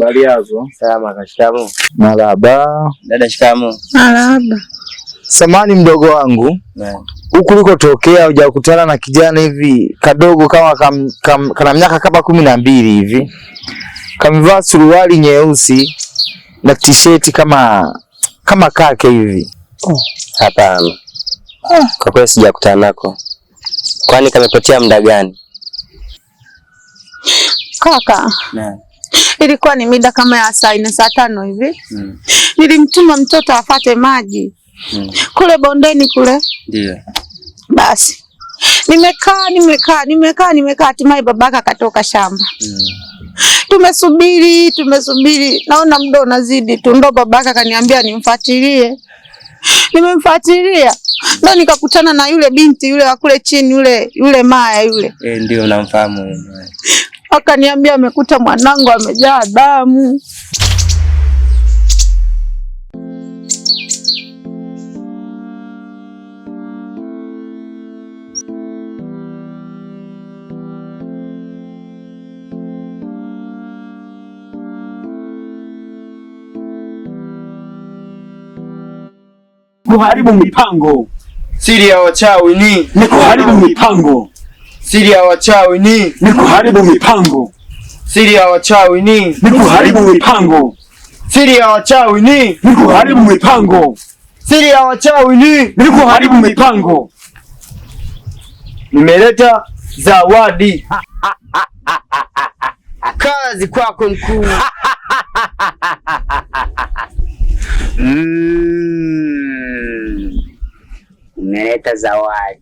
Habari yako? Salama kashikamoo. Marhaba. Dada shikamoo. Marhaba. Samani mdogo wangu huku ulikotokea hujakutana na kijana hivi kadogo kama kam, kam, kana miaka kama kumi na mbili hivi kamevaa suruali nyeusi na tisheti kama kama kake hivi? Oh. Hapana, kwa kweli sijakutana nako. Kwani kamepotea muda gani? kaka yeah. Ilikuwa ni mida kama ya saa nne saa tano hivi mm. Nilimtuma mtoto afate maji mm. kule bondeni kule yeah. Basi nimekaa nimekaa nimekaa nimekaa, hatimaye babaka akatoka shamba mm. Tumesubiri tumesubiri, naona muda unazidi tu, ndo babaka akaniambia nimfuatilie. Nimemfuatilia ndo nikakutana na yule binti yule wa kule chini yule yule Maya yule, e, ndio namfahamu akaniambia amekuta mwanangu amejaa damu. Kuharibu mipango, siri ya wachawi ni ni kuharibu mipango Siri ya wachawi ni ni kuharibu mipango. Siri ya wachawi ni ni kuharibu mipango. Siri ya wachawi ni ni kuharibu mipango. Siri ya wachawi ni ni kuharibu mipango. Nimeleta zawadi. Kazi kwako mkuu. Nimeleta zawadi.